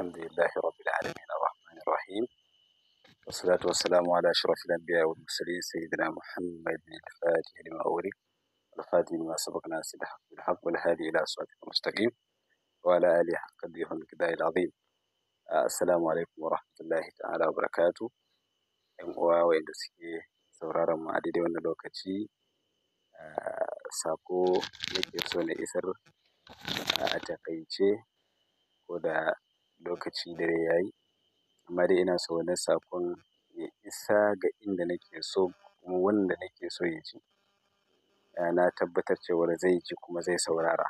الحمد لله رب العالمين الرحمن الرحيم والصلاة والسلام على أشرف الأنبياء والمرسلين سيدنا محمد الفاتح لما أورد الخاتم لما سبقنا سيد الحق بالحق والهادي إلى صراطك المستقيم وعلى آله حق الديه والمقدار العظيم آه، السلام عليكم ورحمة الله تعالى وبركاته أم هو وإن دسكي sauraron mu a daidai wannan lokaci إسر آه، أتقيتي وده lokaci da dare yayi amma dai ina so wannan saƙon ya isa ga inda nake so kuma wanda nake so ya ji. Na tabbatar cewa zai ji kuma zai saurara.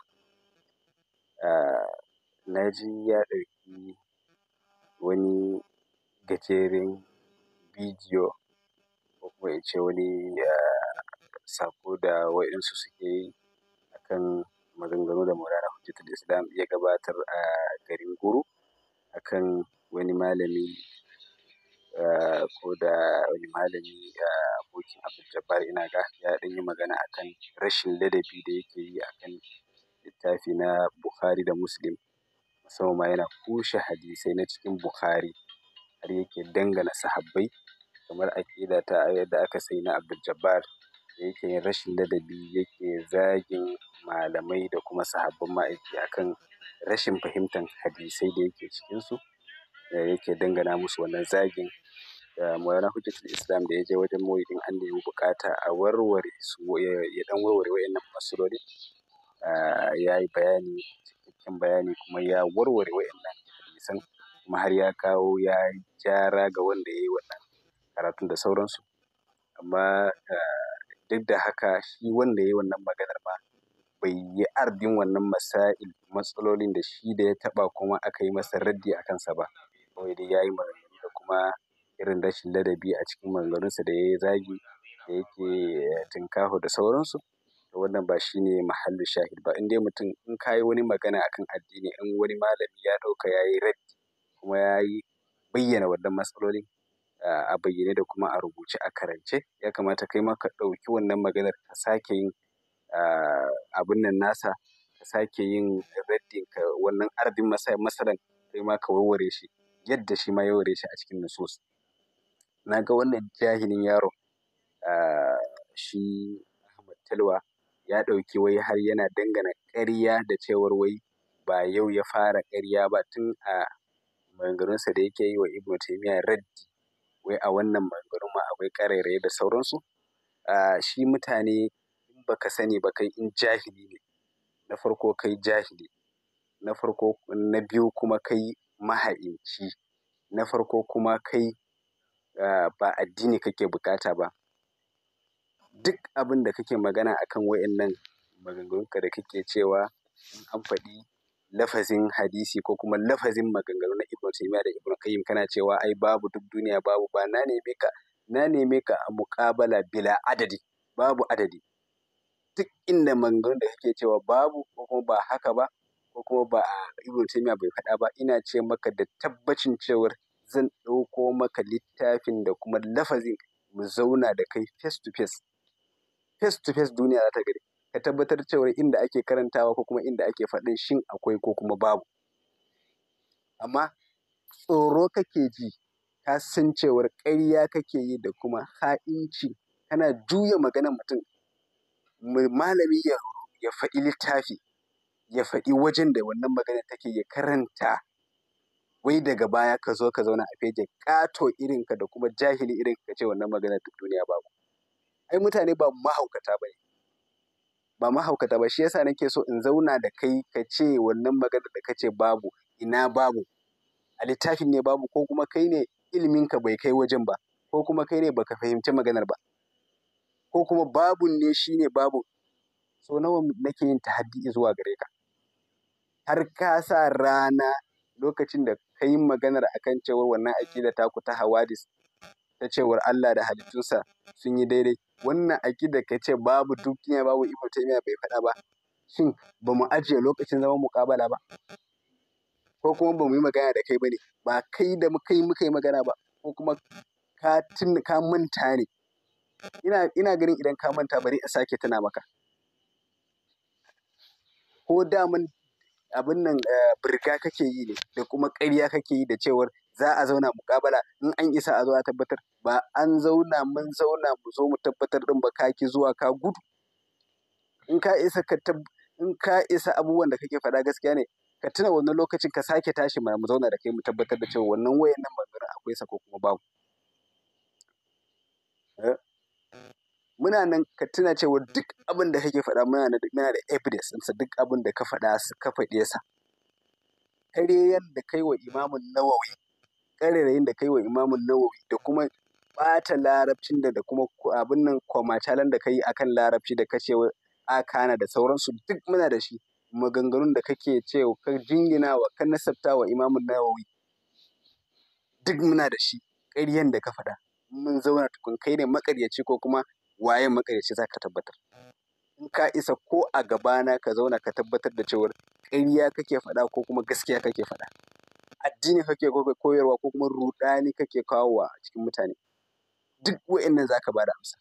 Na ji ya ɗauki wani gajeren bidiyo ko kuma in ce wani saƙo da waɗansu suke yi akan maganganu da Maulana Hujjatul Islam ya gabatar a garin Guru. akan wani malami eh, ko da wani malami eh, abokin abdul ina ga ya ɗan yi magana akan rashin ladabi da yake yi akan littafi na Bukhari da Muslim musamman ma yana kushe hadisai na cikin Bukhari har yake dangana sahabbai kamar aƙida ta yadda aka sai na Abdul-Jabbar yake yin rashin ladabi yake zagin malamai da kuma sahabban ma'aiki akan rashin fahimtar hadisai da yake cikin cikinsu yake dangana musu wannan zagin maulana hujjatul islam da ya je wajen mawidin an nemi bukata a warware su ya dan warware wayannan masaloli ya yi bayani cikakken bayani kuma ya warware wayannan hadisan kuma har ya kawo ya gyara ga wanda ya yi wannan karatun da sauransu amma duk da haka shi wanda ya yi wannan maganar ma bai yi ardin wannan masail matsalolin da shi da ya taɓa kuma aka yi masa raddi a kansa ba kawai dai ya yi da kuma irin rashin ladabi a cikin maganarsa da ya yi zagi da yake tinkaho da sauransu wannan ba shi ne mahallu shahid ba inda mutum in ka yi wani magana akan addini in wani malami ya ɗauka ya yi raddi kuma ya yi bayyana wannan matsalolin a bayyane da kuma a rubuce a karance ya kamata kai ma ka ɗauki wannan maganar ka sake yin abin nan nasa ka sake yin raddin ka wannan ardin masaran kai ma ka warware shi yadda shi ma ya warware shi a cikin nusus na ga wannan jahilin yaro. shi Ahmad Talwa ya ɗauki wai har yana dangana ƙarya da cewar wai ba yau ya fara ƙarya ba tun a maganganunsa da yake yi wa Ibn Taymiyyah raddi wai a wannan maganganun ma akwai ƙarairayi da sauransu ah, shi mutane in baka sani ba kai in jahili ne na farko kai jahili na farko na biyu kuma kai maha'inci na farko kuma kai ah, ba addini kake bukata ba duk abin da kake magana akan wa'annan maganganunka da kake cewa in an faɗi lafazin hadisi ko kuma lafazin maganganu na Ibn Taymiyyah da Ibn Qayyim kana cewa ai babu duk duniya babu ba na neme ka na neme ka a muqabala bila adadi babu adadi duk inda maganganun da kake cewa babu ko kuma ba haka ba ko kuma ba Ibn Taymiyyah bai faɗa ba ina ce maka da tabbacin cewar zan ɗauko maka littafin da kuma lafazin mu zauna da kai face to face face to face duniya za ta gare ka tabbatar cewar inda ake karantawa ko kuma inda ake faɗin shin akwai ko kuma babu amma tsoro kake ji ka san cewar ƙarya kake yi da kuma ha'inci kana juya maganar mutum malami ya faɗi littafi ya faɗi wajen da wannan magana take ya karanta wai daga baya ka zo ka zauna a feje ƙato irinka da kuma jahili irinka ka ce wannan magana duk duniya babu ai mutane ba mahaukata ba ne ba mahaukata ba shi yasa nake so in zauna da kai ka ce wannan maganar da kace babu ina babu a littafin ne babu ko kuma kai ne ilminka bai kai wajen ba ko kuma kai ne baka fahimci maganar ba ko kuma babun ne shi ne babu so nawa nake yin tahaddi zuwa gare ka har ka sa rana lokacin da ka yi maganar akan cewar wannan aƙida taku ta hawadis ta cewar Allah da halittunsa sun yi daidai wannan aƙidar ka ce babu dukiya babu ta taymiya bai faɗa ba shin ba mu ajiye lokacin zaman muƙabala ba ko kuma ba mu yi magana da kai ba ne ba kai da kai muka yi magana ba ko kuma ka tun ka manta ne ina ina ganin idan ka manta bari a sake tuna maka ko daman abin nan eh, birga kake yi ne da kuma ƙarya kake yi da cewar za a zauna mukabala in an isa a zo a tabbatar ba an zauna mun zauna mu zo mu tabbatar din ba kaki zuwa ka gudu in ka isa ka in ka isa abubuwan da kake faɗa gaskiya ne ka tuna wannan lokacin ka sake tashi mana mu zauna da kai mu tabbatar da cewa wannan wayan nan maganar akwai sa ko kuma babu eh? muna nan ka tuna cewa duk abin da kake faɗa muna da muna da evidence ɗinsa duk abin da ka faɗa ka faɗe sa kare yanda kai wa imamun nawawi ƙarerayin da kai wa imamun nawawi da kuma ɓata larabcin da da kuma abin nan kwamatalan da kai akan larabci da kace wa akana da sauransu duk muna da shi maganganun da kake cewa ka jingina wa ka nasabta wa imamun nawawi duk muna da shi ƙaryan da ka faɗa mun zauna tukun kai ne makaryaci ko kuma waye maƙaryaci za ka tabbatar in ka isa ko a gabana ka zauna ka tabbatar da cewar ƙarya kake faɗa ko kuma gaskiya kake faɗa addini kake koyarwa ko kuma rudani kake kawowa a cikin mutane duk wa'annan zaka bada amsa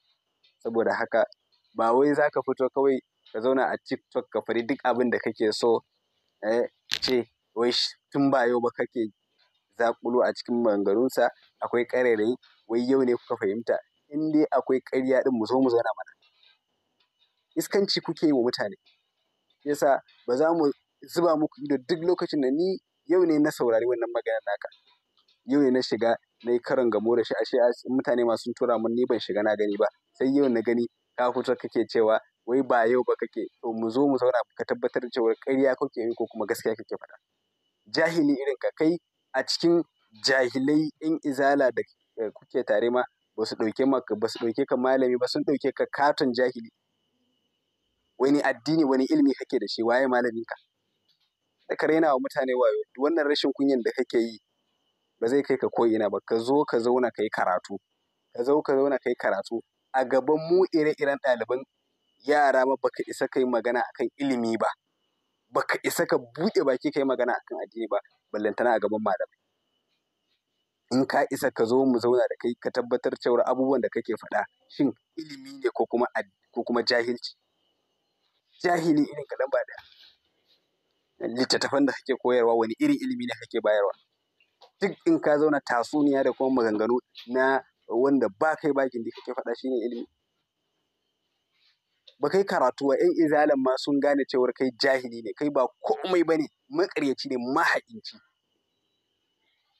saboda haka ba wai zaka fito kawai ka zauna a TikTok ka fari duk abin da kake so eh ce wai tun ba yau ba kake zakulu a cikin maganganunsa akwai ƙarairayi wai yau ne kuka fahimta in dai akwai ƙarya din mu zo mu zauna mana iskanci kuke yi wa mutane yasa ba za mu zuba muku ido duk lokacin da ni yau ne na saurari wannan maganar naka yau ne na shiga na yi karin gamo da shi a ashe mutane masu tura mun ni ban shiga na gani ba sai yau na gani ka fito kake cewa wai ba yau ba kake to mu zo mu zauna ka tabbatar da cewa ƙarya kake yi ko kuma gaskiya kake faɗa jahili irin ka kai a cikin jahilai in izala da kuke tare ma ba su ɗauke ka malami ba sun ɗauke ka katon jahili wani addini wani ilmi kake da shi waye malamin ka da ka raina wa mutane wayo wannan rashin kunyan da kake yi ba zai kai ka ko'ina ba ka zo ka zauna ka yi karatu ka zo ka zauna ka yi karatu a gaban mu ire-iren ɗaliban yara ma baka isa ka yi magana akan ilimi ba baka isa ka buɗe baki ka yi magana akan addini ba ballantana a gaban malamai in ka isa ka zo mu zauna da kai ka tabbatar cewar abubuwan da kake faɗa shin ilimi ne ko kuma ko kuma jahilci jahili irin ka lamba da littattafan da kake koyarwa wani irin ilimi ne kake bayarwa duk in ka zauna tasuniya da kuma maganganu na wanda ba kai bakin da kake faɗa shine ilimi ba kai karatu wa 'yan izalan ma sun gane cewar kai jahili ne kai ba komai ba ne makaryaci ne mahaƙinci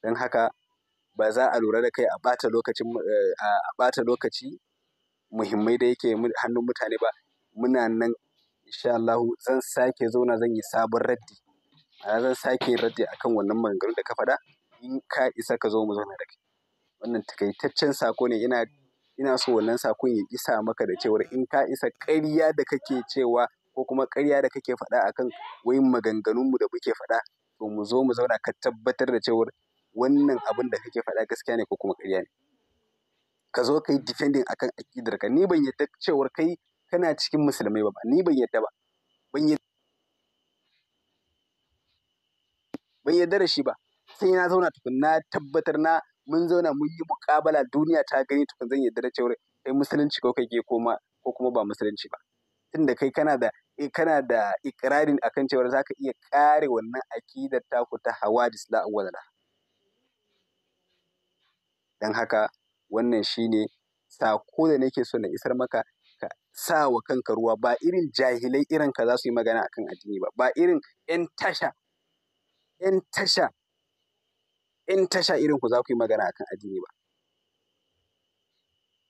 don haka ba za a lura da kai a ɓata eh, a ɓata lokaci muhimmai da yake hannun mutane ba muna nan insha zan sake zauna zan yi sabon raddi ma'ana zan sake raddi akan wannan maganganun da ka faɗa in ka isa ka zo mu zauna da kai wannan takaitaccen sako ne ina ina so wannan sakon ya isa maka da cewar in ka isa ƙarya da kake cewa ko kuma ƙarya da kake faɗa akan wai maganganunmu da muke faɗa to mu zo mu zauna ka tabbatar da cewar wannan abin da kake faɗa gaskiya ne ko kuma ƙarya ne ka zo ka yi defending akan aƙidar ka ni ban yadda cewar kai kana cikin musulmai ba ni ban yadda ba ban yadda da shi ba sai na zauna tukun na tabbatar na mun zauna mun yi mukabala duniya ta gani tukun zan yadda da cewar kai musulunci ko kai koma ko kuma ba musulunci ba tunda kai kana da eh, kana da ikirarin akan cewar zaka iya kare wannan akidar taku ta hawadis la awwalala dan haka wannan shine sako da nake so na isar maka sa wa kanka ruwa ba irin jahilai irin ka za su yi magana akan addini ba ba irin 'yan tasha 'yan tasha 'yan tasha irin ku za ku yi magana akan addini ba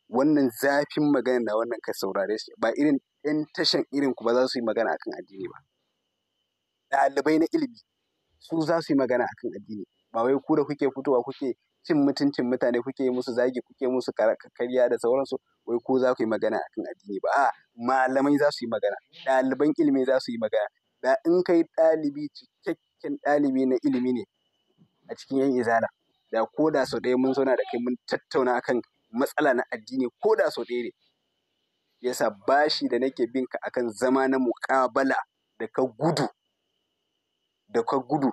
wannan zafin magana na wannan ka saurare shi ba irin 'yan tashan irin ku ba za su yi magana akan addini ba ɗalibai na ilimi su za su yi magana akan addini ba wai ku da kuke fitowa kuke cin mutuncin mutane kuke musu zagi kuke musu karya da sauransu wai ko za ku yi magana akan addini ba a malamai za su yi magana ɗaliban ilimi za su yi magana da in kai ɗalibi cikakken ɗalibi na ilimi ne a cikin yan izala da ko da sau ɗaya mun zauna da kai mun tattauna akan matsala na addini ko da sau ɗaya ne yasa bashi da nake bin ka akan zama na muƙabala da ka gudu da ka gudu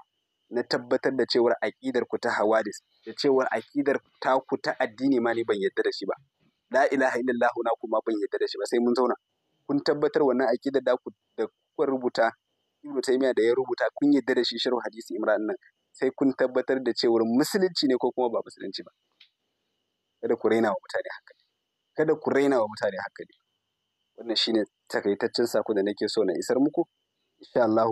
na tabbatar da cewar aƙidar ku ta hawadis da cewar aƙidar ta ku ta addini ma ni ban yadda da shi ba la ilaha illallah na kuma ban yadda da shi ba sai mun zauna kun tabbatar wannan aƙidar da ku da kuka rubuta ibnu taymiya da ya rubuta kun yadda da shi sharh hadisi Imran nan sai kun tabbatar da cewar musulunci ne ko kuma ba musulunci ba kada ku raina wa mutane haka kada ku raina wa mutane haka ne wannan shine takaitaccen sako da nake so na isar muku insha Allah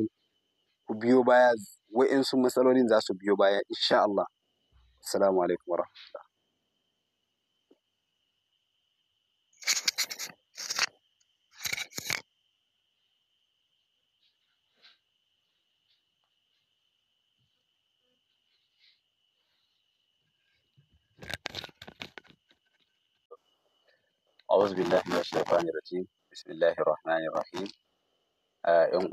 ku biyo baya وين سو مسالولين ذا سو بيو بايا إن شاء الله السلام عليكم ورحمة الله أعوذ بالله من الشيطان الرجيم بسم الله الرحمن الرحيم أه يوم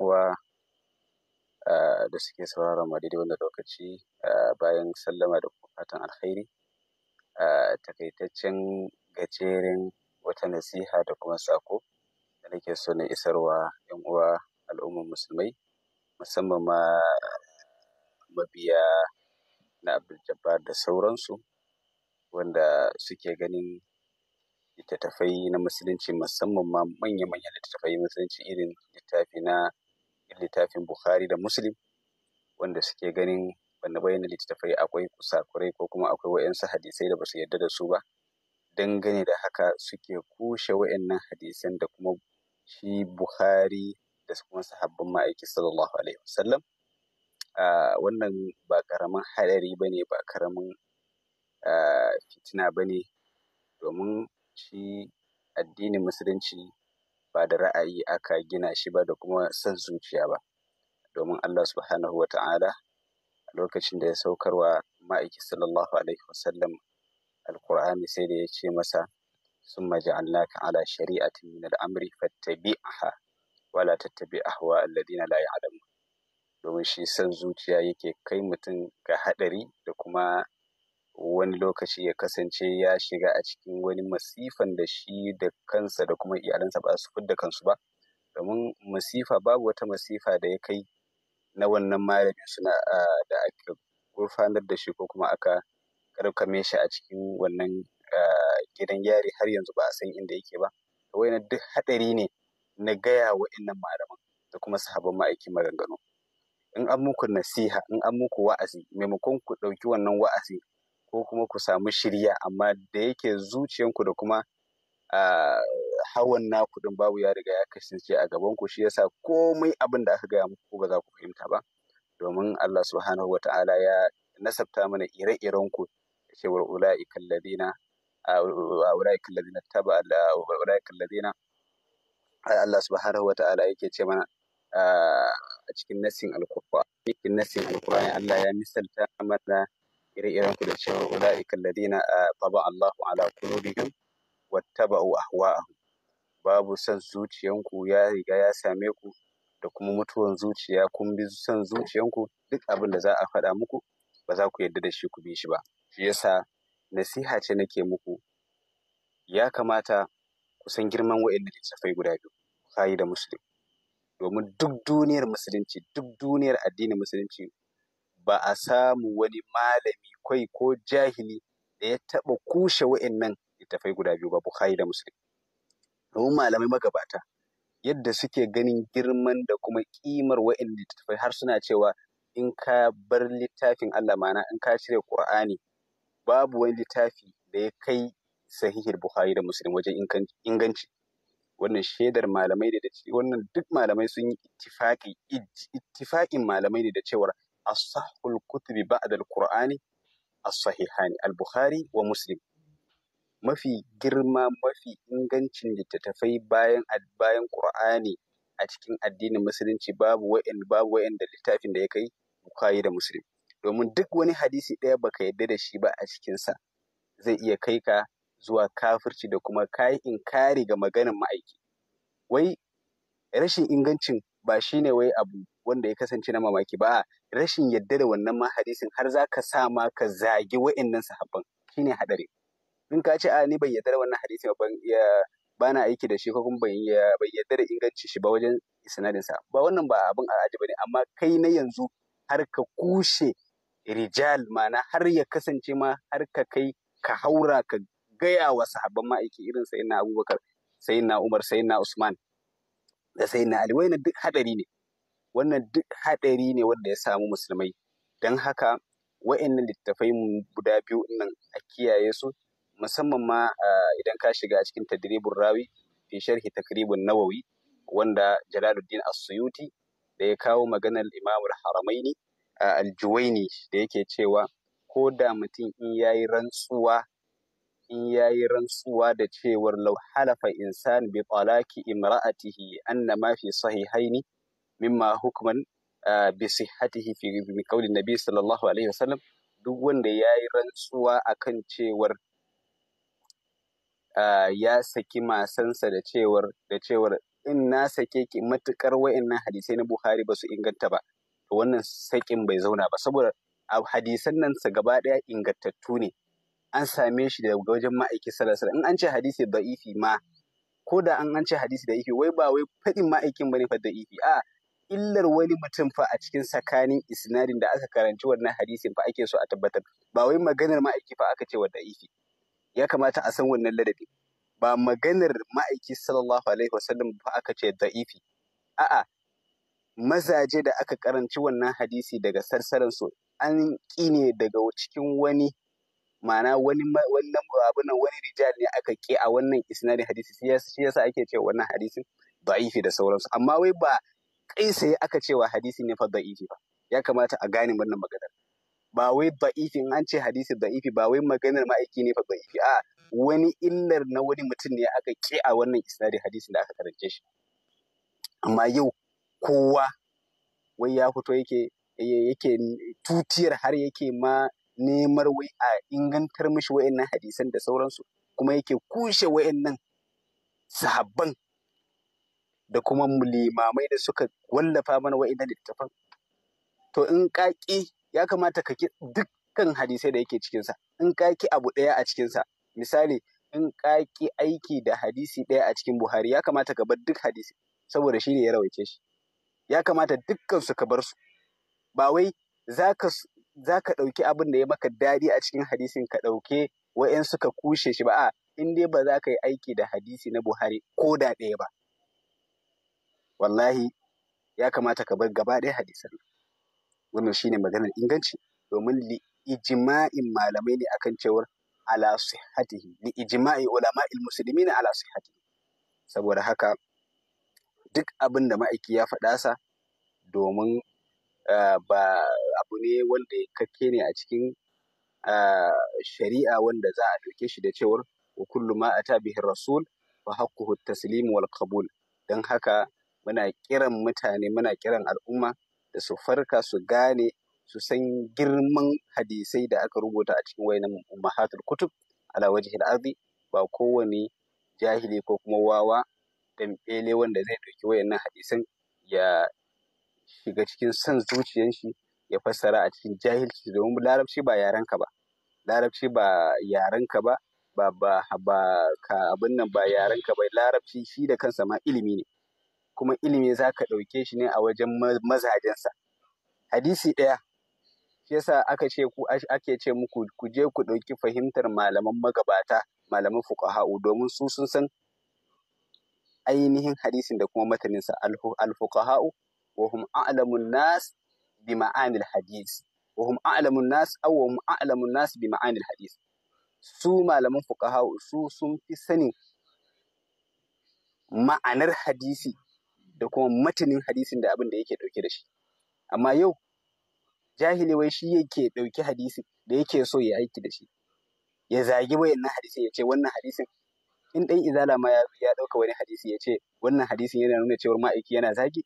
Eh, da suke sauraron ma daidai wannan lokaci eh, bayan sallama da fatan alkhairi eh, takaitaccen gajeren wata nasiha da kuma sako da nake so na isarwa yan uwa al'ummar musulmai musamman ma mabiya na abdul da sauransu wanda suke ganin littattafai na musulunci musamman ma manya-manyan littattafai musulunci irin littafi na littafin bukhari da muslim wanda suke ganin wanda bayyana littattafai akwai kusakurai ko kuma akwai wa'yansu hadisai da ba su yarda da su ba dangane da haka suke kushe wa'yannan hadisan da kuma shi bukhari da kuma sahabban ma'aiki sallallahu alaihi wasallam wannan ba karaman haɗari ba ne ba karamin fitina ba ne domin shi addinin musulunci ba da ra'ayi aka gina shi ba da kuma son zuciya ba domin Allah subhanahu wa lokacin da ya saukarwa ma'aiki sallallahu alaihi wasallam alkur'ani sai da ya ce masa sun maja'allaka ala shari'atin min al'amri fattabi'aha wala tattabi ahwa alladina la ya'lamun domin shi san zuciya yake kai mutum ga haɗari da kuma wani lokaci ya kasance ya shiga a cikin wani masifan da shi da kansa da kuma iyalansa ba su fidda kansu ba domin masifa babu wata masifa da ya kai na wannan malamin suna da aka gurfanar da shi ko kuma aka karkame shi a cikin wannan gidan yari har yanzu ba a san inda yake ba Kawai na duk haɗari ne na gaya wa innan malaman da kuma sahabban ma'aikin maganganu in an muku nasiha in an muku wa'azi maimakon ku ɗauki wannan wa'azi ko kuma ku samu shirya amma da yake zuciyanku da kuma hawan naku din babu ya riga ya kasance a gaban ku shi yasa komai abin da aka gaya muku ba za ku fahimta ba domin Allah subhanahu wa ta'ala ya nasabta mana ire-iren ku wa ula'ikal ladina ula'ikal ladina taba ula'ikal ladina Allah subhanahu wa ta'ala yake ce mana a cikin nasin alkur'ani cikin nasin alkur'ani Allah ya misalta mana ire-iren ku da cewa ula'ikal ladina ah, taba Allahu ala qulubihim wattaba'u ahwa'ahum babu son zuciyanku ya riga ya same ku da kuma mutuwan zuciya kun bi son zuciyanku duk abin da za a faɗa muku ba za ku yarda da shi ku bi shi ba shi yasa nasiha ce nake muku ya kamata ku san girman wa'annan littattafai guda biyu Kayi da musulmi domin duk duniyar musulunci duk duniyar addinin musulunci ba a samu wani malami kwai ko jahili da ya taɓa kushe wa'annan littafai guda biyu ba Bukhari da Muslim. Domin malamai magabata yadda suke ganin girman da kuma ƙimar wa'in littafai har suna cewa in ka bar littafin Allah mana in ka cire Qur'ani babu wani littafi da ya kai sahihir Bukhari da Muslim wajen inganci. Wannan shaidar malamai ne da wannan duk malamai sun yi ittifaƙin malamai ne da cewar asahul kutubi ba'da alqur'ani as-sahihani al-bukhari wa muslim mafi girma mafi ingancin littattafai bayan bayan qur'ani a cikin addinin musulunci babu wa'in babu wa'in littafin da ya kai bukhari da muslim domin duk wani hadisi ɗaya baka yarda da shi ba a cikinsa zai iya kai ka zuwa kafirci da kuma kayi inkari ga maganin ma'aiki wai rashin ingancin ba shi ne wai abu wanda ya kasance na mamaki ba rashin yadda da wannan ma hadisin har za ka sa ma ka zagi wa'annan sahabban shi ne haɗari in ka ce a ni ban yadda da wannan hadisin ban ya ba na aiki da shi ko kuma ban yadda da inganci shi ba wajen sa ba wannan ba abin ba ne amma kai na yanzu har ka kushe rijal Ma'ana har ya kasance ma har ka kai ka haura ka gaya wa sahabban aiki irin sayin na abubakar sayin umar sayin usman da sai na ali wannan duk haɗari ne wannan duk haɗari ne wanda ya samu musulmai don haka wa'annan littattafai guda biyu nan a kiyaye su musamman ma idan ka shiga cikin tadribun rawi fi sharhi takribun nawawi wanda jalaluddin as da ya kawo maganar imamul haramaini al-juwaini da yake cewa ko da mutum in yi rantsuwa in yayi rantsuwa da cewar lau halafa insan bi talaqi imra'atihi anna ma fi sahihaini mimma hukman bi sihhatihi fi bi qawli nabi sallallahu alaihi wasallam duk wanda ya yi rantsuwa akan cewar ya saki masansa da cewar da cewar in na sake ki matukar wayannan hadisai na Buhari ba su inganta ba to wannan sakin bai zauna ba saboda hadisan nan su gaba daya ingantattu ne an same shi daga wajen ma'aikin sallallahu alaihi in an ce hadisi ifi ma ko da an an ce hadisi ifi, wai ba wai faɗin ma'aikin bane fa ifi? a illar wani mutum fa a cikin tsakanin isnadin da aka karanci wannan hadisin fa ake so a tabbatar ba wai maganar ma'aiki fa aka ce wa ifi? ya kamata a san wannan ladabi ba maganar ma'aiki sallallahu alaihi wasallam fa aka ce da ifi? a'a mazaje da aka karanci wannan hadisi daga sarsaransu an ƙi ne daga cikin wani ma'ana wani abu nan wani rijal ne aka ke a wannan isnadin hadisi shi yasa ake cewa wannan hadisin da'ifi da sauransu amma wai ba kai sai aka cewa hadisi ne fa da'ifi ba ya kamata a gane wannan maganar ba wai da'ifi an ce hadisi da'ifi ba wai maganar ma'aiki ne fa da'ifi a wani illar na wani mutum ne aka ke a wannan isnadin hadisin da aka karance shi amma yau kowa wai ya fito yake yake tutiyar har yake ma nemar wai a ingantar mishi wa'annan hadisan da sauransu kuma yake kushe wa'annan sahabban da kuma limamai da suka wallafa mana wa'annan littafan to in kaki ya kamata ka ki dukkan hadisai da yake cikinsa in kaki abu ɗaya a cikinsa misali in kaki aiki da hadisi ɗaya a cikin buhari ya kamata ka bar duk hadisi saboda shi ne ya rawaice shi ya kamata dukkan su ka bar su ba wai za ka za ka ɗauki abin da ya maka daɗi a cikin hadisin ka ɗauke wa'yan suka kushe shi ba a in dai ba za ka yi aiki da hadisi na Buhari ko da ɗaya ba. Wallahi ya kamata ka bar gaba ɗaya hadisan wannan shi ne maganar inganci domin li malamai ne akan cewar ala li ijma'i ulama'il muslimina ala sihhatihi saboda haka duk abin da ma'aiki ya faɗa sa domin ba abu ne wanda ya kakke ne a cikin shari'a wanda za a ɗauke shi da cewar wa kullu ma a tabihin rasul wa haqquhu taslim wal qabul dan haka muna kiran mutane muna kiran al'umma da su farka su gane su san girman hadisai da aka rubuta a cikin wayannan ummahatul kutub ala wajhil ardi ba kowane jahili ko kuma wawa dan wanda zai ɗauki wayannan hadisan ya shiga cikin son zuciyan shi ya fassara a cikin jahilci domin larabci ba yarenka ba larabci ba yarenka ba ba ba ba ka abin nan ba yarenka ba larabci shi da kansa ma ilimi ne kuma ilimi za ka ɗauke shi ne a wajen mazajensa hadisi ɗaya shi yasa aka ce ku ake ce muku ku je ku ɗauki fahimtar malaman magabata malaman fuqaha'u domin su sun san ainihin hadisin da kuma mataninsa al-fuqaha'u wa a'lamun nas bi ma'anil hadis wa a'lamun nas aw a'lamun nas bi ma'anil hadis su malaman fuqaha su sun fi sanin ma'anar hadisi da kuma matanin hadisin da abinda da yake dauke da shi amma yau jahili wai shi yake dauki hadisi da yake so ya aiki da shi ya zagi wayannan hadisin ya ce wannan hadisin in ɗan izala ma ya ya ɗauka wani hadisi ya ce wannan hadisin yana nuna cewar ma'aiki yana zagi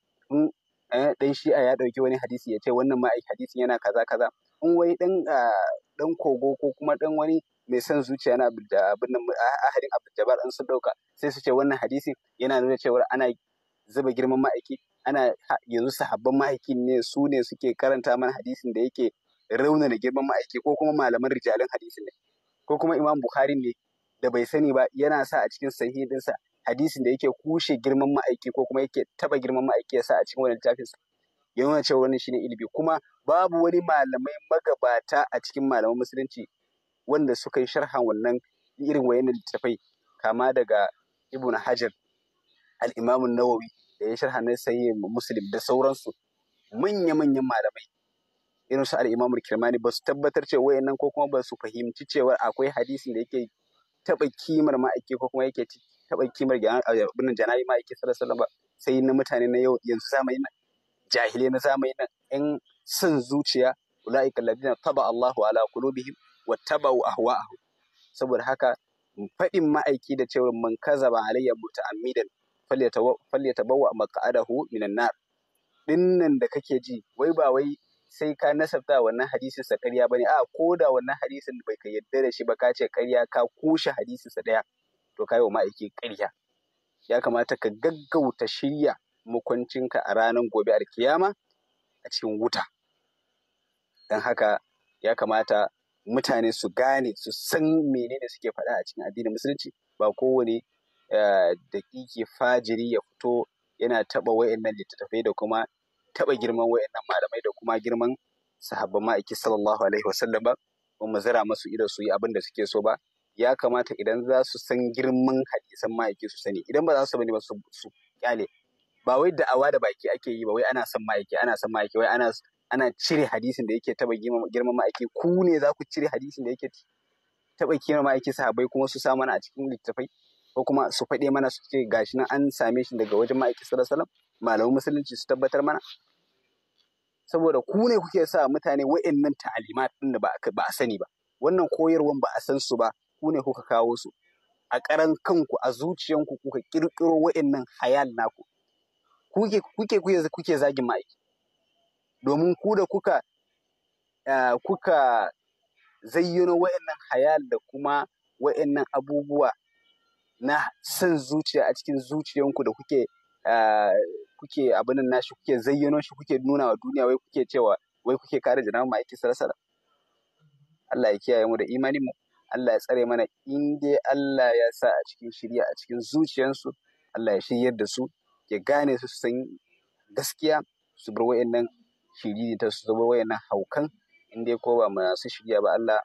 Eh, dan shi'a ya ɗauki wani hadisi ya ce wannan ma'aiki hadisin yana kaza kaza in wai dan dan kogo ko kuma dan wani mai son zuciya na abin ahadin abin jabar an sun dauka sai su ce wannan hadisin yana nuna cewa ana zuba girman ma'aiki ana yanzu sahabban ma'aikin ne su ne suke karanta mana hadisin da yake raunana girman ma'aiki ko kuma malaman rijalin hadisin ne ko kuma imam bukhari ne da bai sani ba yana sa a cikin sahihinsa hadisin da yake kushe girman ma'aiki ko kuma yake taba girman ma'aiki ya sa a cikin wani littafin ya nuna cewa wannan shine ilimi kuma babu wani malamai magabata a cikin malaman musulunci wanda suka yi sharhan wannan irin wayannan littafai kama daga ibn hajar al-imam nawawi da ya sharha na sayi muslim da sauransu manya-manyan malamai irin su al-imam kirmani ba su tabbatar cewa wayannan ko kuma ba su fahimci cewa akwai hadisin da yake taɓa kimar ma'aiki ko kuma yake taɓa kimar abin jana'i ma yake sallallahu ba sai na mutane na yau yanzu zamanin nan jahilai na zamanin nan in son zuciya ulaika alladina taba Allahu ala kulubihim wa tabau ahwa'ahum saboda haka faɗin ma'aiki da cewa man kazaba alayya muta'ammidan falyatabawa maq'adahu minan nar dinnan da kake ji wai ba wai sai ka nasabta wannan hadisin sa ƙarya bane a ko da wannan hadisin bai ka yadda da shi ba ka ce ƙarya ka kushe hadisin sa ɗaya to kai wa ma'aiki ƙarya ya kamata ka gaggauta shirya makwancinka a ranar gobe alkiyama a cikin wuta don haka ya kamata mutane su gane su san menene suke faɗa a cikin addinin musulunci ba kowane eh, daƙiƙi fajiri ya fito yana taɓa nan littattafai da kuma taɓa girman nan malamai da kuma girman sahabban ma'aiki sallallahu alaihi wasallam ba mu zira masu ido su yi abin da suke so ba ya kamata idan za su san girman hadisan ma'aiki su sani idan ba za su bane ba su kyale ba wai da'awa da baki ake yi ba wai ana son ma'aiki ana son ma'aiki wai ana ana cire hadisin da yake taba girman ma'aiki ku ne za ku cire hadisin da yake taba kima ma'aiki sahabbai kuma su sa mana a cikin littafai ko kuma su faɗe mana su ce gashi nan an same shi daga wajen ma'aiki sallallahu alaihi wasallam malamin musulunci su tabbatar mana saboda ku ne kuke sa mutane wa'annan ta'alimat din da ba a sani ba wannan koyarwan ba a san su ba ku ne kuka kawo su a karan kanku a zuciyanku kuka kirkiro wa'annan hayal naku kuke kuke kuke zagin ma'aiki domin ku da kuka eh, kuka zayyano wa'annan hayal da kuma wa'annan abubuwa na son zuciya a cikin zuciyanku da kuke eh, kuke abin nashi kuke zayyano shi kuke nuna wa duniya wai kuke cewa wai kuke kare jinawan ma'aiki sarasara Allah ya kiyaye mu da imanin mu Allah ya tsare mana in dai Allah ya sa a cikin shirya a cikin zuciyarsu Allah ya shiryar da su ya gane su san gaskiya su bar wayannan shiriri ta su zama wayannan haukan in dai ko ba masu shirya ba Allah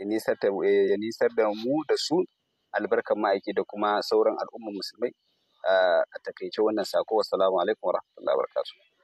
ya nisar da mu da su albarkar ma'aiki da kuma sauran al'ummar musulmai ah, a takaice wannan sako salamu alaikum wa wa barakatuh